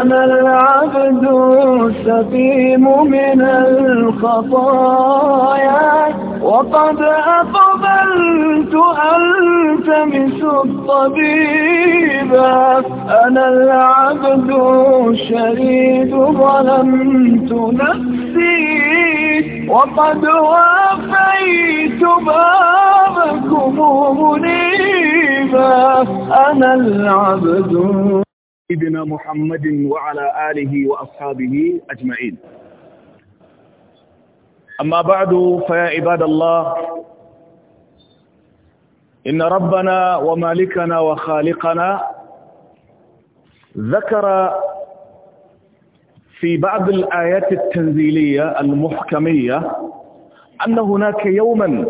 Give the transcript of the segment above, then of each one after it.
أنا العبد السقيم من الخطايا وقد أقبلت ألتمس الطبيبا أنا العبد الشريد ظلمت نفسي وقد وافيت بابكم منيبا أنا العبد سيدنا محمد وعلى آله وأصحابه أجمعين أما بعد فيا عباد الله إن ربنا ومالكنا وخالقنا ذكر في بعض الآيات التنزيلية المحكمية أن هناك يوما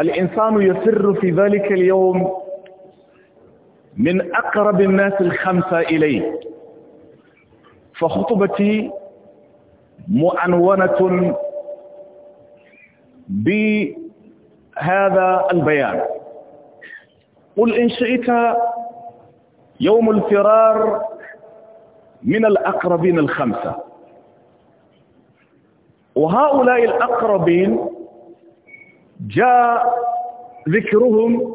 الإنسان يسر في ذلك اليوم من أقرب الناس الخمسة إليه فخطبتي معنونة بهذا البيان قل إن شئت يوم الفرار من الأقربين الخمسة وهؤلاء الأقربين جاء ذكرهم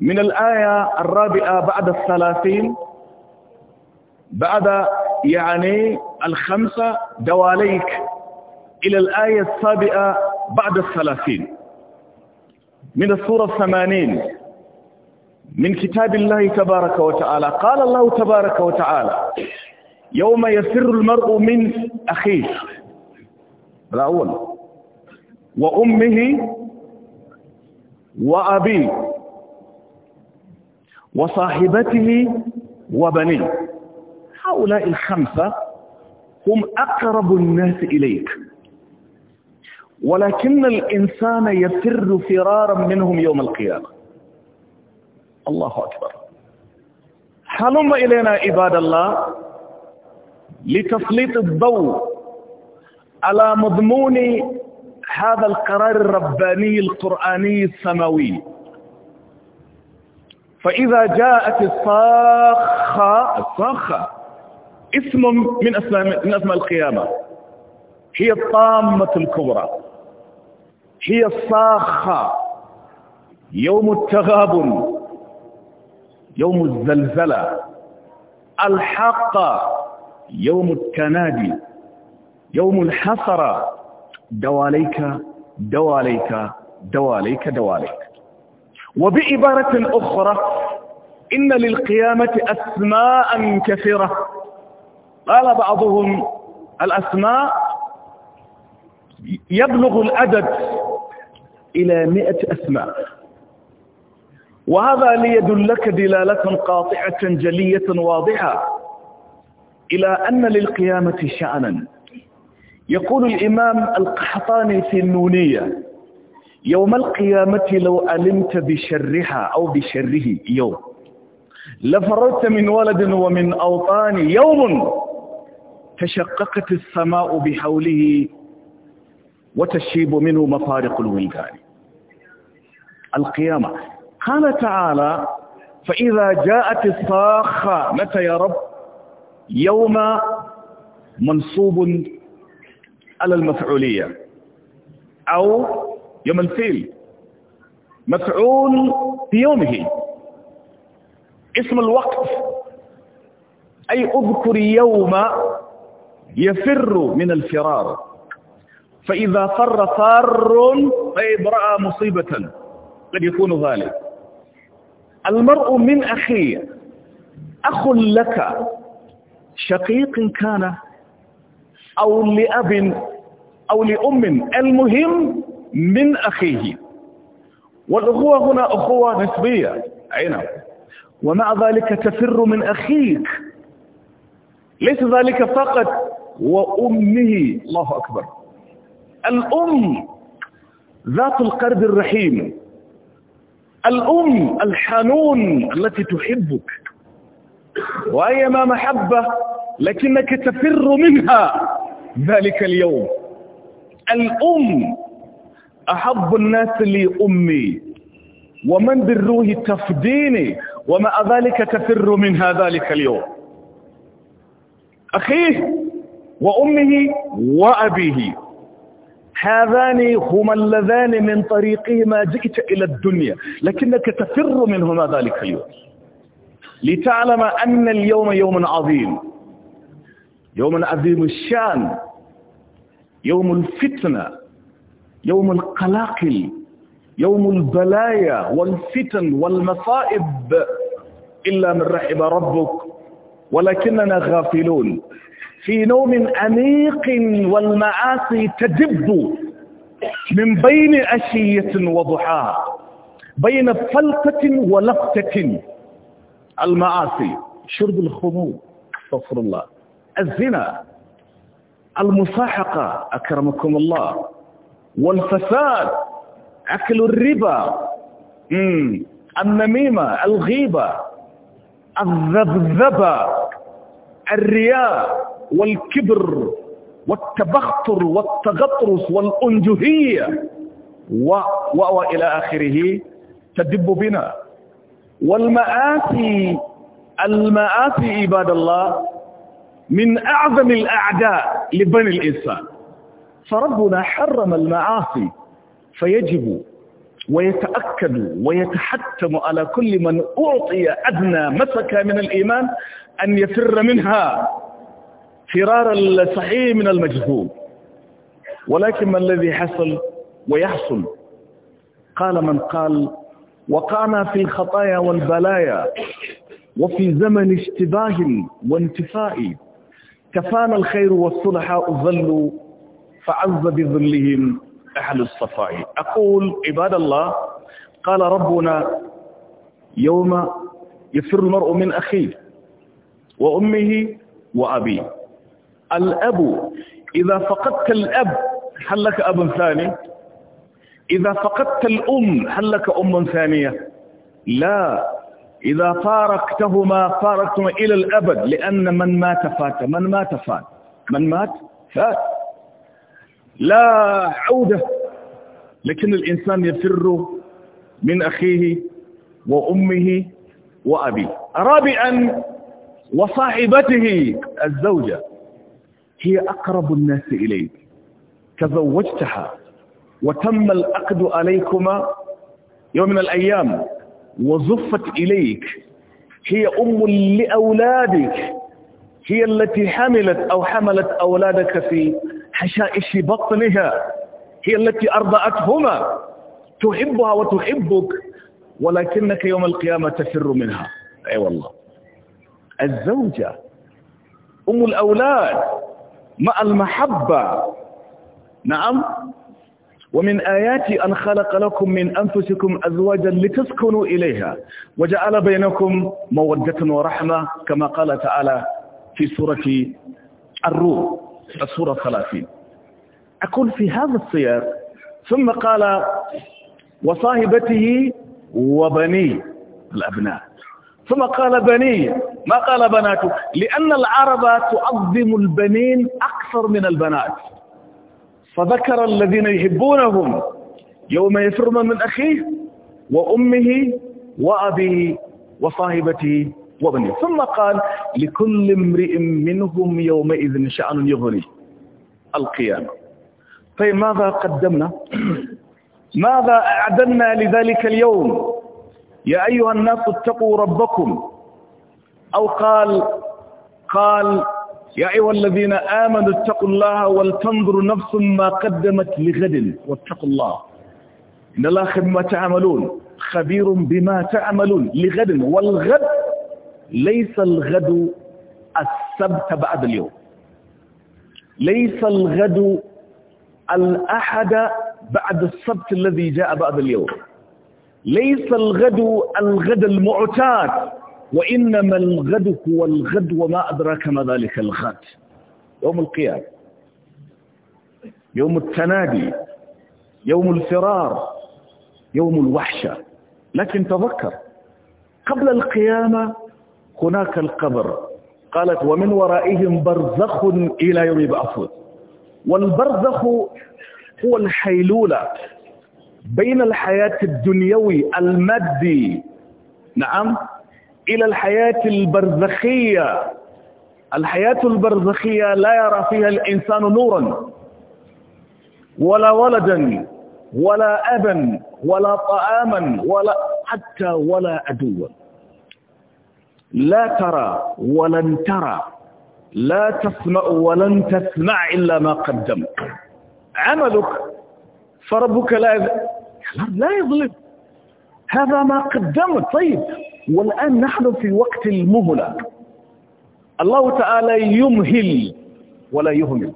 من الآية الرابعة بعد الثلاثين بعد يعني الخمسة دواليك إلى الآية السابعة بعد الثلاثين من السورة الثمانين من كتاب الله تبارك وتعالى قال الله تبارك وتعالى يوم يسر المرء من أخيه الأول وأمه وأبيه وصاحبته وبنيه هؤلاء الخمسة هم أقرب الناس إليك ولكن الإنسان يفر فرارا منهم يوم القيامة الله أكبر حلم إلينا عباد الله لتسليط الضوء على مضمون هذا القرار الرباني القرآني السماوي فإذا جاءت الصاخة الصاخة اسم من أسماء, من أسماء القيامة هي الطامة الكبرى هي الصاخة يوم التغابن يوم الزلزلة الحق يوم التنادي يوم الحسرة دواليك دواليك دواليك دواليك وبعبارة أخرى إن للقيامة أسماء كثيرة قال بعضهم الأسماء يبلغ الأدد إلى مئة أسماء وهذا ليدل لك دلالة قاطعة جلية واضحة إلى أن للقيامة شأنا يقول الإمام القحطاني في النونية يوم القيامة لو علمت بشرها أو بشره يوم لفررت من ولد ومن أوطان يوم تشققت السماء بحوله وتشيب منه مفارق الولدان القيامة قال تعالى فإذا جاءت الصاخة متى يا رب يوم منصوب على المفعولية أو يوم الفيل مفعول في يومه اسم الوقت أي أذكر يوم يفر من الفرار فإذا فر فار اي رأى مصيبة قد يكون ذلك المرء من أخيه أخ لك شقيق كان أو لأب أو لأم المهم من أخيه والأخوة هنا أخوة نسبية عينا ومع ذلك تفر من أخيك ليس ذلك فقط وأمه الله أكبر الأم ذات القرب الرحيم الأم الحنون التي تحبك وأي ما محبة لكنك تفر منها ذلك اليوم الأم أحب الناس لي أمي ومن بالروح تفديني ومع ذلك تفر منها ذلك اليوم أخيه وأمه وأبيه هذان هما اللذان من طريقهما جئت إلى الدنيا لكنك تفر منهما ذلك اليوم لتعلم أن اليوم يوم عظيم يوم عظيم الشان يوم الفتنة يوم القلاقل يوم البلايا والفتن والمصائب إلا من رحب ربك ولكننا غافلون في نوم أنيق والمعاصي تدب من بين أشية وضحاها بين فلتة ولفتة المعاصي شرب الخمور استغفر الله الزنا المصاحقة أكرمكم الله والفساد أكل الربا النميمة الغيبة الذبذبة الرياء والكبر والتبختر والتغطرس والأنجهية و... و... إلى آخره تدب بنا والمآسي المآسي عباد الله من أعظم الأعداء لبني الإنسان فربنا حرم المعاصي فيجب ويتأكد ويتحتم على كل من أعطي أدنى مسك من الإيمان أن يفر منها فرار الصحيح من المجهول ولكن ما الذي حصل ويحصل قال من قال وقعنا في الخطايا والبلايا وفي زمن اشتباه وانتفاء كفانا الخير والصلحاء ظلوا فعز بظلهم أهل الصفاء أقول عباد الله قال ربنا يوم يفر المرء من أخيه وأمه وأبيه الأب إذا فقدت الأب هل لك أب ثاني إذا فقدت الأم هل لك أم ثانية لا إذا فارقتهما فارقتهما إلى الأبد لأن من مات فات من مات فات من مات فات لا عودة لكن الإنسان يفر من أخيه وأمه وأبيه رابعا وصاحبته الزوجة هي أقرب الناس إليك تزوجتها وتم الأقد عليكما يوم من الأيام وزفت إليك هي أم لأولادك هي التي حملت أو حملت أولادك في حشائش بطنها هي التي أرضعتهما تحبها وتحبك ولكنك يوم القيامة تفر منها أي أيوة والله الزوجة أم الأولاد مع المحبة نعم ومن آيات أن خلق لكم من أنفسكم أزواجا لتسكنوا إليها وجعل بينكم مودة ورحمة كما قال تعالى في سورة الروم السورة الثلاثين أكون في هذا السياق ثم قال وصاحبته وبني الأبناء ثم قال بني ما قال بناته لأن العرب تعظم البنين أكثر من البنات فذكر الذين يحبونهم يوم يفر من أخيه وأمه وأبيه وصاحبته وبني ثم قال لكل امرئ منهم يومئذ شأن يغني القيامة طيب ماذا قدمنا ماذا أعددنا لذلك اليوم يا أيها الناس اتقوا ربكم أو قال قال يا أيها الذين آمنوا اتقوا الله ولتنظر نفس ما قدمت لغد واتقوا الله إن الله خبير ما تعملون خبير بما تعملون لغد والغد ليس الغد السبت بعد اليوم ليس الغد الأحد بعد السبت الذي جاء بعد اليوم ليس الغد الغد المعتاد وإنما الغد هو الغد وما أدراك ما ذلك الغد يوم القيامة يوم التنادي يوم الفرار يوم الوحشة لكن تذكر قبل القيامة هناك القبر قالت ومن ورائهم برزخ إلى يوم يبعثون والبرزخ هو الحيلولة بين الحياة الدنيوي المادي نعم إلى الحياة البرزخية الحياة البرزخية لا يرى فيها الإنسان نورا ولا ولدا ولا أبا ولا طعاما ولا حتى ولا أدوا لا ترى ولن ترى لا تسمع ولن تسمع إلا ما قدمت عملك فربك لا لا يظلم هذا ما قدمت طيب والآن نحن في وقت المهلة الله تعالى يمهل ولا يهمل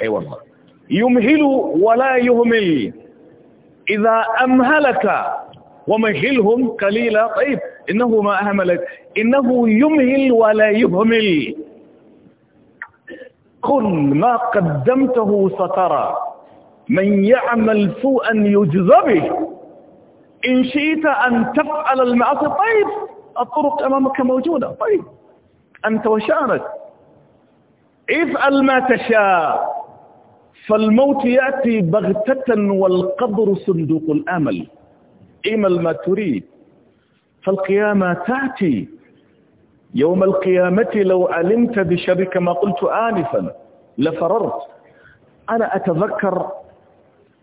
أي أيوة والله يمهل ولا يهمل إذا أمهلك ومهلهم قليلا طيب إنه ما أهملت إنه يمهل ولا يهمل كل ما قدمته سترى من يعمل سوءا يجزى به إن شئت أن تفعل المعاصي طيب الطرق أمامك موجودة طيب أنت وشانك افعل ما تشاء فالموت يأتي بغتة والقبر صندوق الأمل اعمل ما تريد فالقيامة تأتي يوم القيامة لو علمت بشبك ما قلت آنفا لفررت أنا أتذكر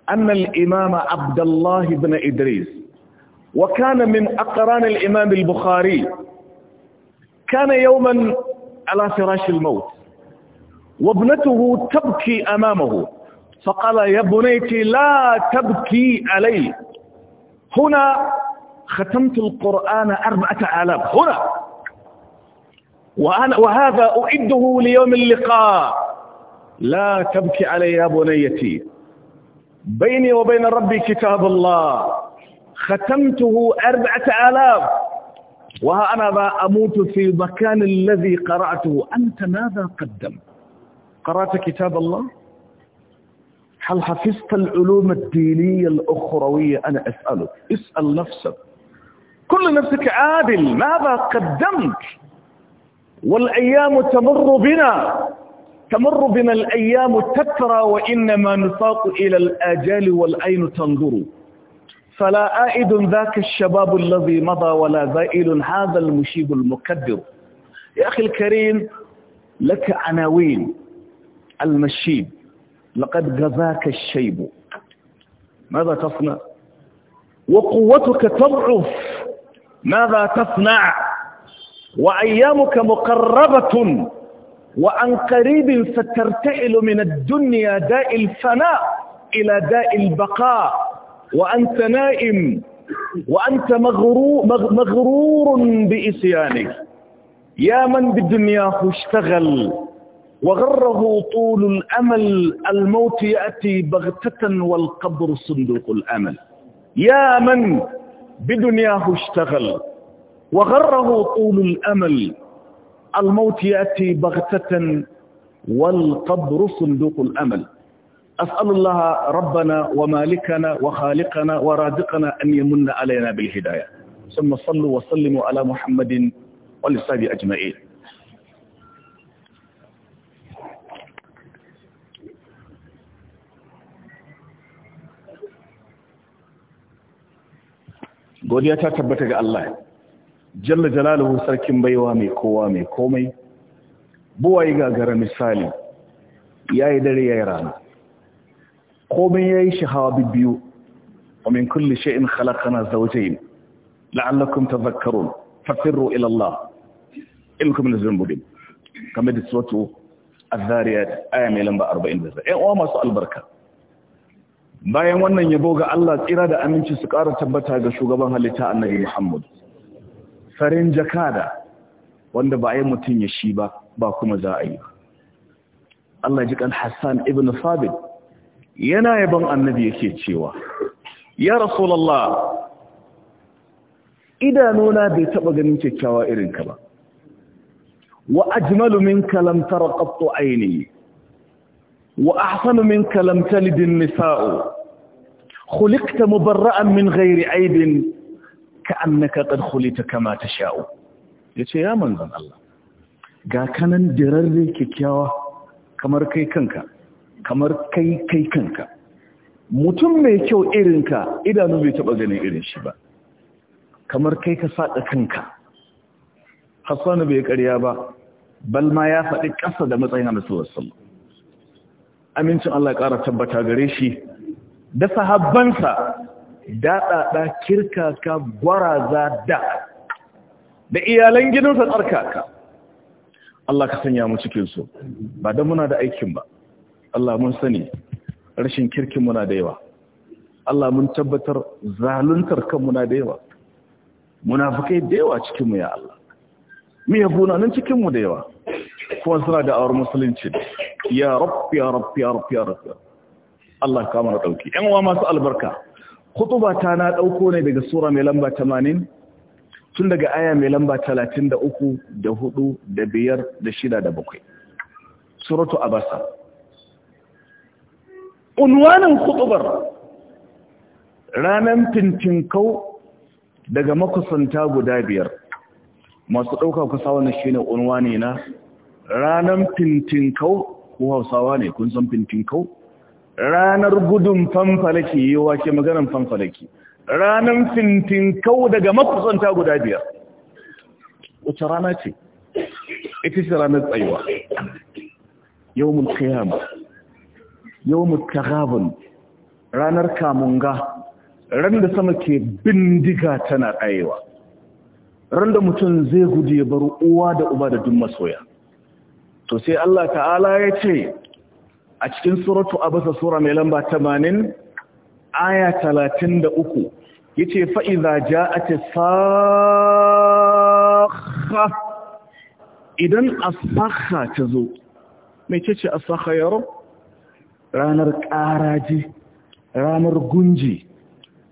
أن الإمام عبد الله بن إدريس وكان من أقران الإمام البخاري كان يوما على فراش الموت وابنته تبكي أمامه فقال يا بنيتي لا تبكي علي هنا ختمت القرآن أربعة آلاف هنا وأنا وهذا أعده ليوم اللقاء لا تبكي علي يا بنيتي بيني وبين ربي كتاب الله ختمته أربعة آلاف وها أنا ذا أموت في مكان الذي قرأته أنت ماذا قدم قرأت كتاب الله هل حفظت العلوم الدينية الأخروية أنا أسأله اسأل نفسك كل نفسك عادل ماذا قدمت والأيام تمر بنا تمر بنا الأيام تترى وإنما نساق إلى الآجال والعين تنظر فلا آئد ذاك الشباب الذي مضى ولا زائل هذا المشيب المكدر يا أخي الكريم لك عناوين المشيب لقد غذاك الشيب ماذا تصنع وقوتك تضعف ماذا تصنع وأيامك مقربة وعن قريب سترتعل من الدنيا داء الفناء إلى داء البقاء وأنت نائم وأنت مغرور بإسيانك يا من بالدنيا اشتغل وغره طول الأمل الموت يأتي بغتة والقبر صندوق الأمل يا من بدنياه اشتغل وغره طول الأمل الموت يأتي بغتة والقبر صندوق الأمل أسأل الله ربنا ومالكنا وخالقنا ورادقنا أن يمن علينا بالهداية ثم صلوا وسلموا على محمد والسادي أجمعين godiya ta tabbata ga Allah jalla jalaluhu sarkin baiwa mai kowa mai komai buwaye gagara misali yayi dare yayi rana komai yayi shahawa biyu wa min kulli shay'in khalaqana zawjayn la'allakum tadhakkarun fafirru ila Allah innakum lazunubin kamar da suratu az-zariyat aya mai lamba 40 da uwa masu albarka bayan wannan yabo ga Allah tsira da aminci su ƙara tabbata ga shugaban halitta annabi Muhammad farin jakada wanda ba ai mutun ya shi ba ba kuma za a yi Allah ji kan Hassan ibn Fabil yana yabon annabi yake cewa ya rasulullah idanuna bai taɓa ganin kyakkyawa irin ka ba wa ajmalu minka lam tara qattu aini وأحسن منك لم تلد النساء خلقت مبرأ من غير عيب كأنك قد خلقت كما تشاء يقول يا منزل الله ga kanan dirarre kyakkyawa kamar kai kanka kamar kai kai kanka mutum mai kyau irinka idanu bai taba ganin irin shi ba kamar kai ka sada kanka hassanu bai karya ba balma ya faɗi ƙasa da matsayin annabi sallallahu amincin Allah ƙara tabbata gare shi da sahabbansa daɗaɗa kirkaka gwaraza da da iyalan gidansa tsarkaka Allah ka sanya mu cikinsu ba don muna da aikin ba Allah mun sani rashin kirkin muna da yawa Allah mun tabbatar zaluntar kan muna da yawa Muna munafukai da yawa cikinmu ya Allah miyabuna nan cikinmu da yawa kuma suna da awar musulunci ya rabbi ya rabbi ya rabbi ya rabbi Allah ka mana dauki ɗan uwa masu albarka khutuba ta na dauko ne daga sura mai lamba 80 tun daga aya mai lamba 33 da 4 da 5 da 6 da 7 suratu abasa unwanin khutubar ranan fintinkau daga makusanta guda biyar masu ɗauka kusa wannan shine unwani na ranan fintinkau ko hausawa ne kun san fintin kau? ranar gudun fanfalaki yi wake maganan fanfalaki ranar fintin kau daga makusanta guda biyar wace rana ce ita ce ranar tsayuwa yau mun yau mun ranar kamunga ran da sama ke bindiga tana tsayewa ran da mutum zai gudu ya bar uwa da uba da duk masoya to sai Allah ta'ala ya ce a cikin suratu abasa sura mai lamba tamanin aya talatin da 33 yace fa ja a ce sakha idan as ta zo, mai as-sakha ya ro? ranar ƙaraji ranar gunji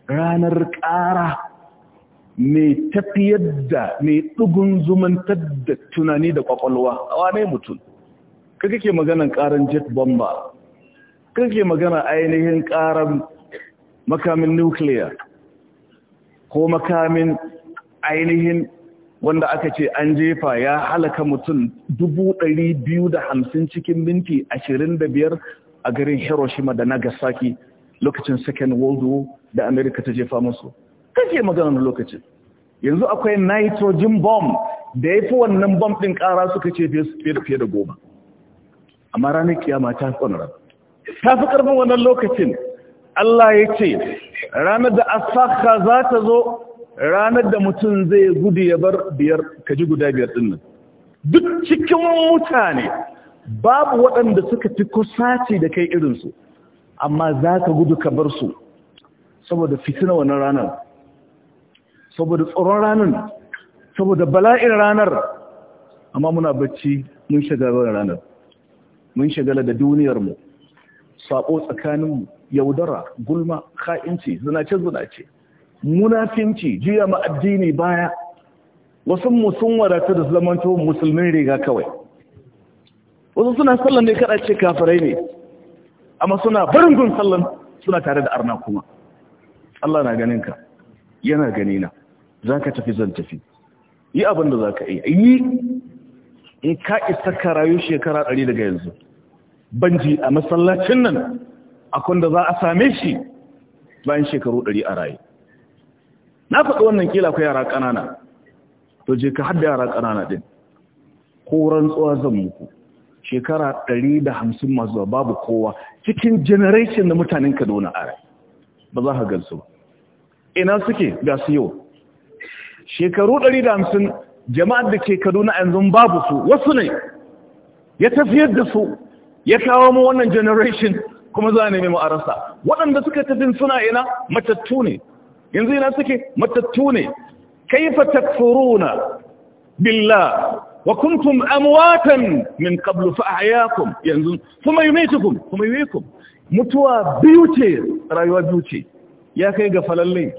ranar ƙara mai tafiyar da mai ɗugun zumantar da tunani da ƙwaƙwalwa a wane mutum ka kake maganan ƙaran jet bomba ka kake magana ainihin ƙaran makamin nuclear ko makamin ainihin wanda aka ce an jefa ya halaka mutum dubu ɗari cikin minti ashirin da biyar a garin Hiroshima da Nagasaki lokacin Second World War da Amerika ta jefa musu. Kake maganar lokacin. Yanzu akwai nitrogen bomb da ya fi wannan bomb ɗin kara suka ce fiye da goma. amma ranar kiyama ta fi wannan ta fi ƙarfin wannan lokacin Allah ya ce ranar da asaka za ta zo ranar da mutum zai gudu ya bar biyar kaji guda biyar ɗin nan duk cikin mutane babu waɗanda suka fi kusaci da kai irinsu amma za ka gudu ka bar su saboda fitina wannan ranar saboda tsoron ranar saboda bala'in ranar amma muna bacci mun shiga ranar mun shagala da duniyarmu sabo tsakanin yaudara gulma ka'inci zinace-zinace munafinci jiya ma addini baya wasu musun wadata da zamanto musulmin riga kawai wasu suna sallan ne kada ce kafirai ne amma suna barin gun sallan suna tare da arna kuma Allah na ganin ka yana ganina ka tafi zan tafi yi abin da ka yi yi in ka isa ka rayu shekara 100 daga yanzu banji a masallacin nan akwai da za a same shi bayan shekaru ɗari a raye na faɗi wannan kila ku yara ƙanana to je ka hadda yara ƙanana ɗin ko rantsuwa zan muku shekara ɗari da hamsin masu babu kowa cikin generation da mutanen kaduna a rai ba za ka gansu ba ina suke ga su yau shekaru ɗari da hamsin jama'ar da ke kaduna yanzu babu su wasu ne ya tafiyar da su ya kawo mu wannan generation kuma za a nemi mu a rasa waɗanda suka tafi suna ina matattu ne yanzu ina suke matattu ne kaifa takfuruna billah wa kuntum amwatan min qablu fa ahyaakum yanzu kuma yumitukum kuma yuhyikum mutuwa biyu ce rayuwa biyu ce ya kai ga falalle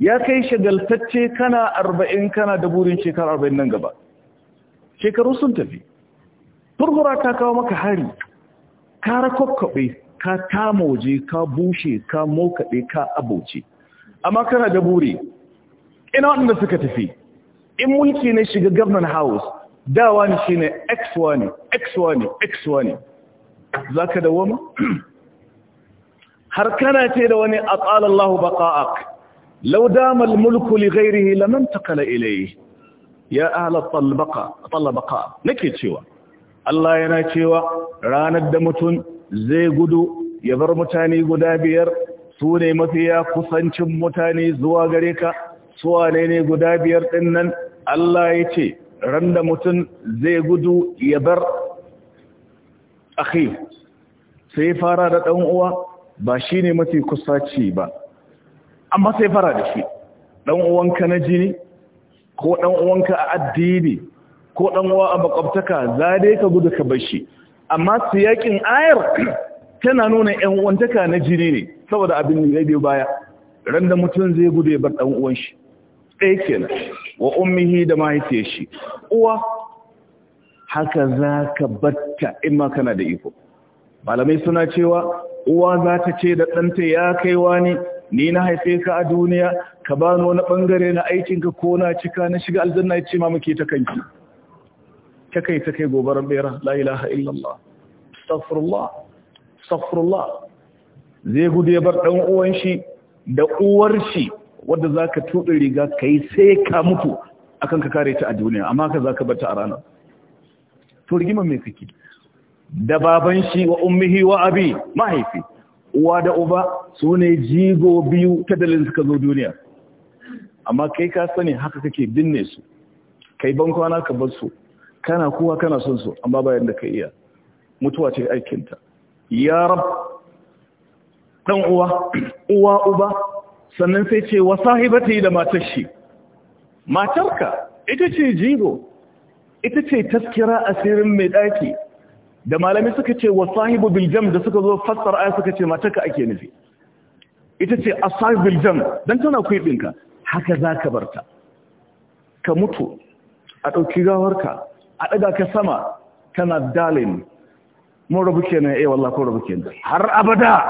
ya kai shagaltacce kana 40 kana da burin shekara 40 nan gaba shekaru sun tafi furfura ta kawo maka hari ka rakwakwabe ka tamoje ka bushe ka mokaɗe ka abuce amma kana da buri ina waɗanda suka tafi in mulki ne shiga government house dawa ne shi ne x1 x1 x1 za ka da wama? har kana ce da wani a tsalallahu baƙa'ak laudamal mulku li gairihi laman kala ilayi ya ala tsallabaka nake cewa Allah yana cewa ranar da mutum zai gudu ya bar mutane guda biyar su ne mafiya kusancin mutane zuwa gare ka suwa ne ne guda biyar ɗin nan Allah ya ce ran da mutum zai gudu ya bar akhi sai fara da ɗan uwa ba shi ne mafi kusaci ba amma sai fara da shi ɗan uwanka na jini ko ɗan uwanka a addini ko dan uwa a makwabtaka za dai ka gudu ka bar shi amma siyakin ayar tana nuna yan uwantaka na jini ne saboda abin da biyo baya ran da mutum zai gudu ya bar dan uwan shi ɗaya kenan wa ummihi da mahaifiyar shi uwa haka za ka batta in ma kana da iko malamai suna cewa uwa za ta ce da ɗanta ya kai ne ni na haife ka a duniya ka bani na wani ɓangare na aikinka ko na cika na shiga aljanna ya ce ma muke ta kanki ta kai ta kai gobarar bera la ilaha illallah astaghfirullah astaghfirullah zai gudu ya bar dan uwan shi da uwar shi wanda zaka tudu riga kai sai ka mutu akan ka kare ta a duniya amma ka zaka bar ta a ranar to rigima me kake da baban shi wa ummihi wa abi mahaifi uwa da uba su ne jigo biyu ta dalilin suka zo duniya amma kai ka sani haka kake binne su kai ban kwana ka bar su kana kowa kana son su amma bayan da ka iya mutuwa ce aikinta ya rab dan uwa uwa uba sannan sai ce wa sahibati da matar shi matarka ita ce jigo ita ce taskira asirin mai ɗaki. da malami suka ce wa sahibu biljam da suka zo fassar aya suka ce matarka ake nufi ita ce sahibu biljam dan tana kwaibinka. haka zaka barta ka mutu a ɗauki gawarka a ɗaga ka sama kana dalin mun rabu kenan eh wallahi ko rabu kenan har abada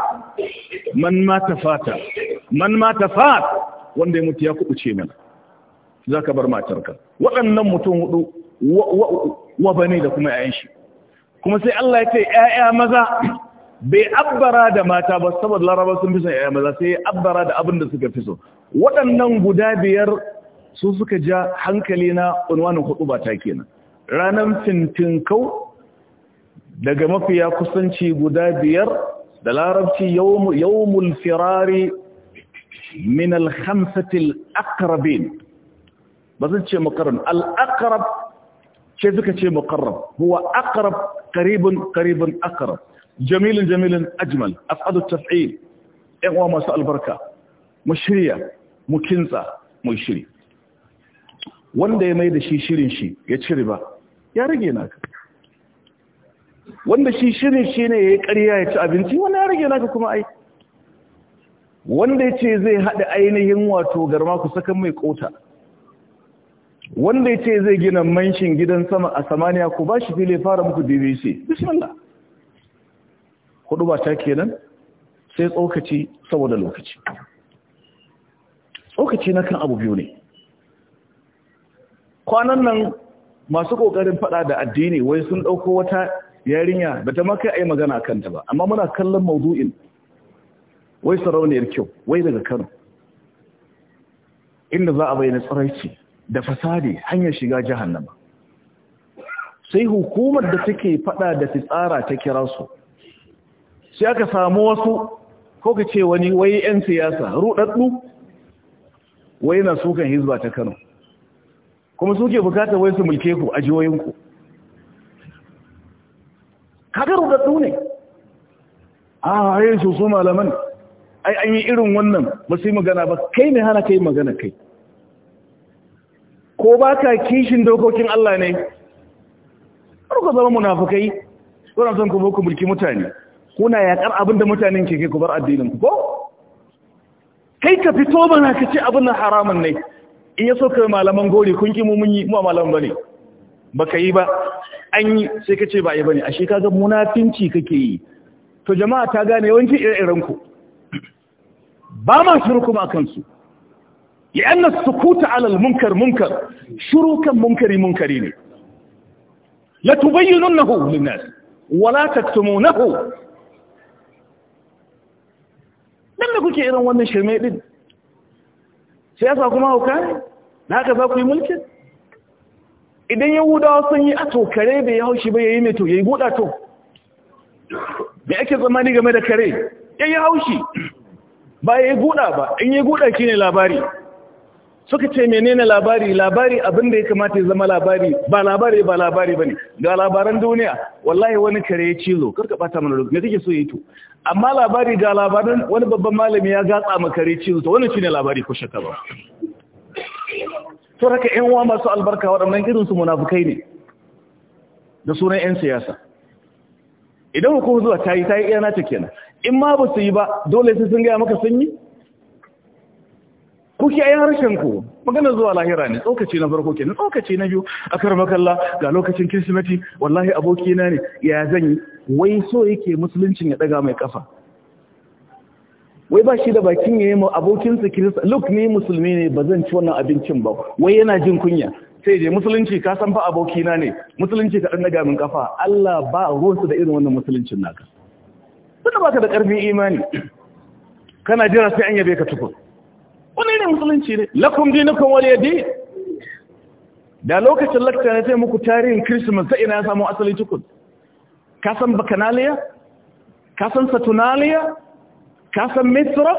man ma fata, man ma fat. wanda ya mutu ya kubuce mana zaka bar matarka waɗannan mutum hudu wa bane da kuma 'ya'yan shi kuma sai Allah ya ce ƴaƴa maza bai abbara da mata ba saboda laraba sun fi son ƴaƴa maza sai abbara da abin da suka fi so waɗannan guda biyar su suka ja hankali na unwanin hudu ba ta kenan ranar fintinkau daga mafiya kusanci guda biyar da larabci yawmul firari min alhamsatil akarabin ba zan ce makarab al'akarab ce suka ce makarab huwa akarab karibin karibin akarab jamilin jamilin ajmal afadu taf'il ‘yan masu albarka mu shirya mu kintsa mu shiri wanda ya mai da shi shirin shi ya ci riba ya rage naka wanda shi shirin shi ne ya yi karya ya ci abinci wani ya rage naka kuma ai wanda ya ce zai haɗa ainihin wato garma ku saka mai ƙota wanda ya ce zai gina manshin gidan sama a samaniya ku ba shi fili fara muku bbc bismillah hudu ba ta kenan sai tsokaci saboda lokaci tsokaci na kan abu biyu ne kwanan nan masu kokarin faɗa da addini wai sun ɗauko wata yarinya ba ta maka ai magana kanta ba amma muna kallon maudu'in wai sarauniyar kyau wai daga Kano inda za a bayyana tsaraici da fasadi hanyar shiga jahannama sai hukumar da take faɗa da fitsara ta kira su sai aka samu wasu ko ka ce wani wai 'yan siyasa ruɗaɗɗu wai na sukan hizba ta Kano kuma suke bukatar wai su mulke ku a jihohinku kaga rudattu ne a haye su su malaman ai an yi irin wannan ba su yi magana ba kai ne hana kai magana kai ko ba ka kishin dokokin Allah ne ruka zama munafukai kuna son ku ku mulki mutane kuna yakar abin da mutanen ke ke ku bar addinin ku ko kai ka fito bana ka ce abin haramun ne in ya so ka malaman gori kun ki mu mun yi mu malaman bane baka yi ba an yi sai ka ce ba yi bane ashe kaga munafinci kake yi to jama'a ta gane yawanci ire-iren ku ba ma shiru kuma akan su ya su sukuta alal munkar munkar shiru kan munkari munkari ne la tubayyinunahu linnas wala taktumunahu dan da kuke irin wannan shirme din siyasa kuma hauka ne na ka za ku yi mulkin idan yahudawa sun yi a to kare bai ya haushi ba ya yi meto ya yi guda to me ake tsammani game da kare ya yi haushi ba ya yi guda ba in yi guda shi ne labari suka ce menene labari labari abin da ya kamata ya zama labari ba labari ba labari ba ne ga labaran duniya wallahi wani kare ya cizo karka bata mana lokaci me kake so yi to amma labari ga labaran wani babban malami ya gatsa ma kare cizo to wannan shine labari ko shakka ba to raka ƴan uwa masu albarka waɗannan irin su munafukai ne da sunan ƴan siyasa idan hukumar zuwa ta yi ta iya nata kenan in ma ba su yi ba dole sai sun gaya maka sun yi ki ayi harshen ku magana zuwa lahira ne tsokaci na farko kenan tsokaci na biyu a makalla ga lokacin kirsimeti wallahi abokina ne ya zan yi wai so yake musuluncin ya daga mai kafa wai ba shi da bakin ya yi ma abokinsa kirista look ni musulmi ne ba zan ci wannan abincin ba wai yana jin kunya sai je musulunci ka san fa abokina ne musulunci ka daga min kafa Allah ba su da irin wannan musuluncin naka tunda baka da ƙarfin imani kana jira sai an yabe ka tukun wani ne musulunci ne lakum dinukum waliyadi da lokacin lakta na sai muku tarihin Christmas sai ina samu asali tukun ka san bakanaliya ka san saturnaliya ka san misra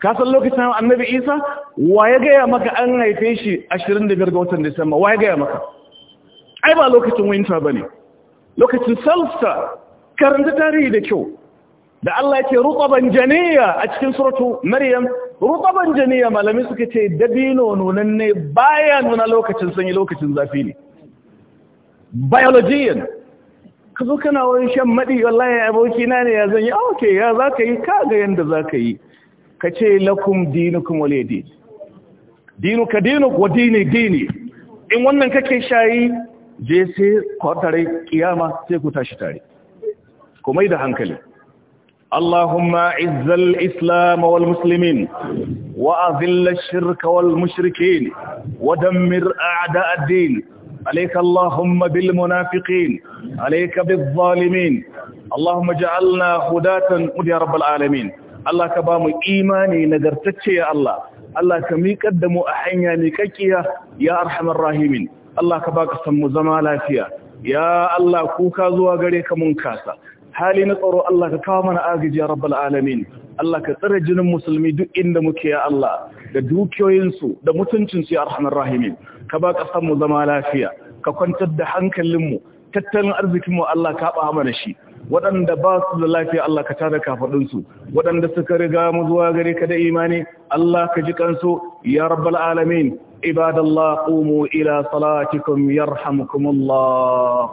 ka san lokacin annabi isa wa ya gaya maka an haife shi 25 ga watan disamba wa ya gaya maka ai ba lokacin winter ba ne lokacin salsa karanta tarihi da kyau da Allah yake rutaban janiya a cikin suratu maryam rutaban janiya malami suka ce dabino ne baya nuna lokacin sanyi lokacin zafi ne biologian ka zo kana wani shan maɗi wallahi abokina ne ya zan yi ah, ok ya za ka yi ka ga yadda za ka yi ka ce lakum kuma wale dini dinuka dinuk wa dini dini in wannan kake shayi je sai kwatare kiyama sai ku tashi tare kuma da hankali اللهم عز الإسلام والمسلمين وأذل الشرك والمشركين ودمر أعداء الدين عليك اللهم بالمنافقين عليك بالظالمين اللهم جعلنا هداة يا رب العالمين الله كبام إيماني نقرتك يا الله الله كم يقدم أحيانا لككيا يا أرحم الراحمين الله كباك سمو زمالا فيها يا الله كوكا زواغريك منكاسا hali na tsaro Allah ka kawo mana agaji ya rabbal alamin Allah ka tsare jinin musulmi duk inda muke ya Allah da dukiyoyinsu da mutuncinsu ya arhamar rahimin ka ba mu zama lafiya ka kwantar da hankalinmu tattalin arzikinmu Allah ka ɓa mana shi waɗanda ba su da lafiya Allah ka tada kafaɗinsu waɗanda suka riga mu zuwa gare ka da imani Allah ka ji kansu ya rabbal alamin ibadallah qumu ila salatikum yarhamukumullah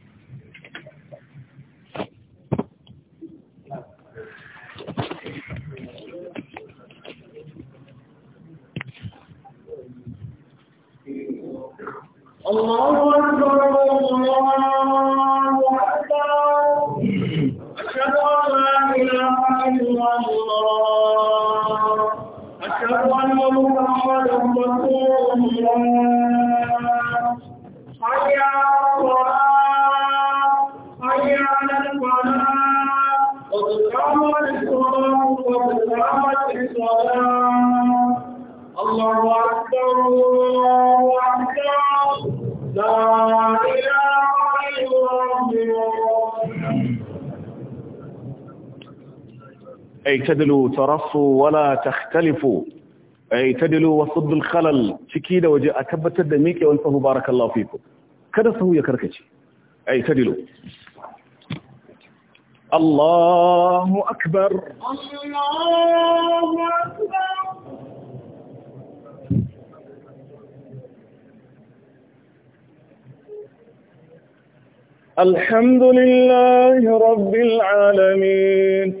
الله أكبر الله تدلوا ترصوا ولا تختلفوا أي تدلوا وصد الخلل تكيدا وجاء أكبت الدميك وانفه بارك الله فيكم كده صهو يكركتي أي تدلوا الله أكبر الله أكبر الحمد لله رب العالمين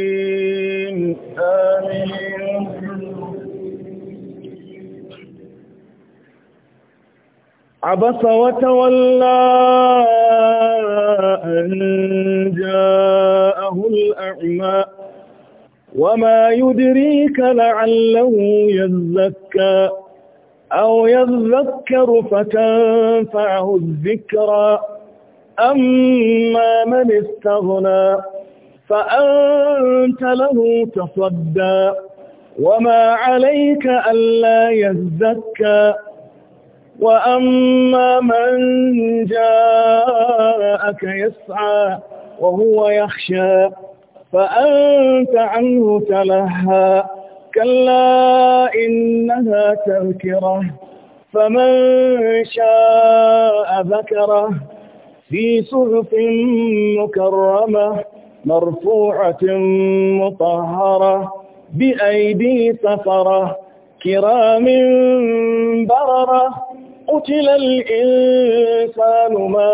عبس وتولى أن جاءه الأعمى وما يدريك لعله يزكى أو يذكر فتنفعه الذكرى أما من استغنى فأنت له تصدى وما عليك ألا يزكى وأما من جاءك يسعى وهو يخشى فأنت عنه تلهى كلا إنها تذكرة فمن شاء ذكره في صحف مكرمة مرفوعة مطهرة بأيدي سفرة كرام بررة قتل الإنسان ما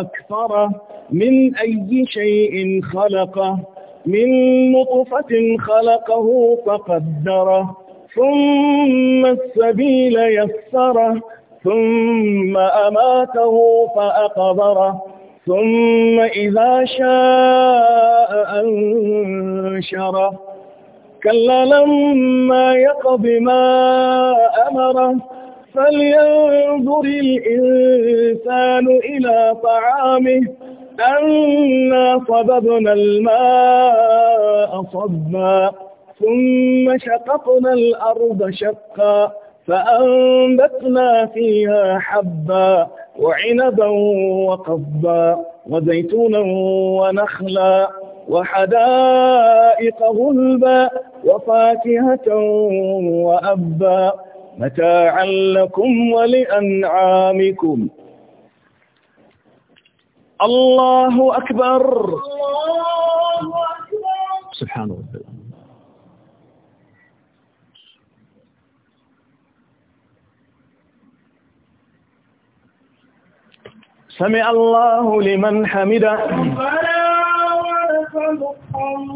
أكثره من أي شيء خلقه من نطفة خلقه فقدره ثم السبيل يسره ثم أماته فأقبره ثم إذا شاء أنشره كلا لما يقض ما أمره فلينظر الإنسان إلى طعامه أنا صببنا الماء صبا ثم شققنا الأرض شقا فأنبتنا فيها حبا وعنبا وقضبا وزيتونا ونخلا وحدائق غلبا وفاكهة وأبا متاعا لكم ولأنعامكم الله أكبر سبحان الله سمع الله لمن حمده ربنا ولك الحمد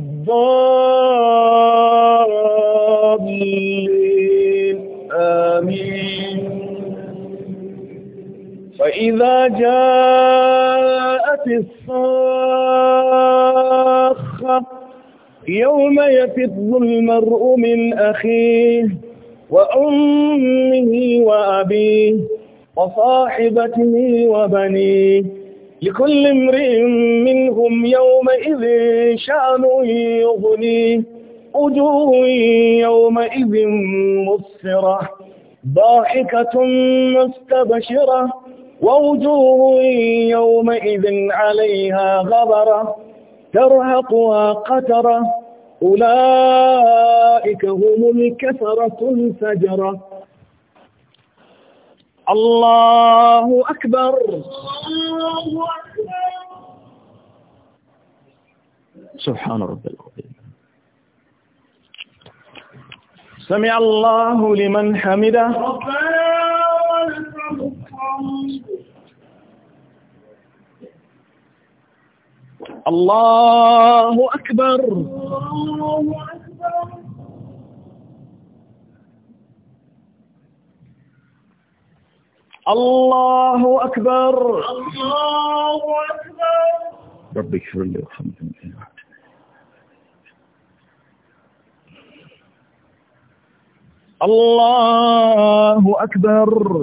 الضالين آمين فإذا جاءت الصاخة يوم يفض المرء من أخيه وأمه وأبيه وصاحبته وبنيه لكل امرئ منهم يومئذ شأن يغنيه وجوه يومئذ مسفرة ضاحكة مستبشرة ووجوه يومئذ عليها غبرة ترهقها قترة أولئك هم الكفرة الفجرة الله أكبر سبحان رب العظيم سمع الله لمن حمده الله أكبر الله أكبر الله أكبر الله أكبر ربي اغفر لي وارحمني الله أكبر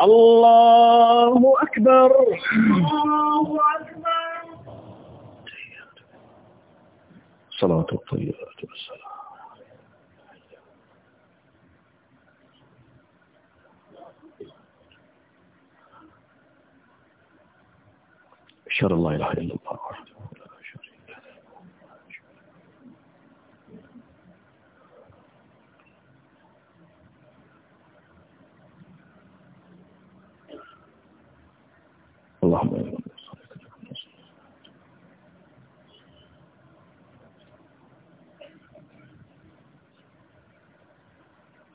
الله أكبر الله أكبر صلاة الطيبات والسلام شر الله لا إله إلا الله